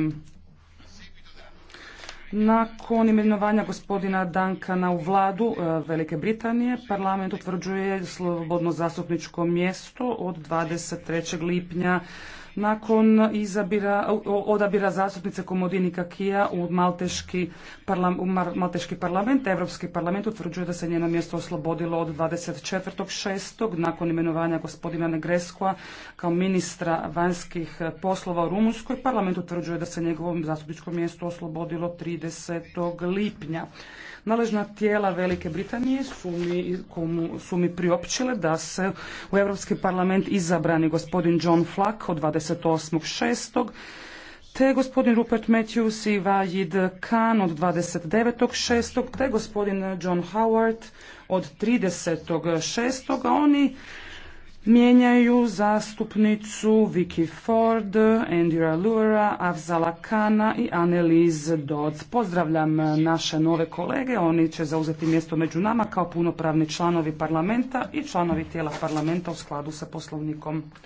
glasovanjem. Nakon imenovanja gospodina Dankana u vladu e, Velike Britanije, parlament utvrđuje slobodno zastupničko mjesto od 23. lipnja nakon izabira, odabira zastupnice Komodini Kakija u Malteški, u Malteški parlament. Europski parlament utvrđuje da se njeno mjesto oslobodilo od 24.6. nakon imenovanja gospodina Negreskoa kao ministra vanjskih poslova u Rumunskoj. Parlament utvrđuje da se njegovom zastupničkom mjestu oslobodilo tri 30. lipnja. Naležna tijela Velike Britanije su mi, su mi priopćile da se u Europski parlament izabrani gospodin John Flack od 28.6. te gospodin Rupert Matthews i Vajid Khan od 29.6. te gospodin John Howard od 30.6. Oni mijenjaju zastupnicu Vicky Ford, Andrea Lura, Avzala Kana i Annelies Dodds. Pozdravljam naše nove kolege, oni će zauzeti mjesto među nama kao punopravni članovi parlamenta i članovi tijela parlamenta u skladu sa poslovnikom.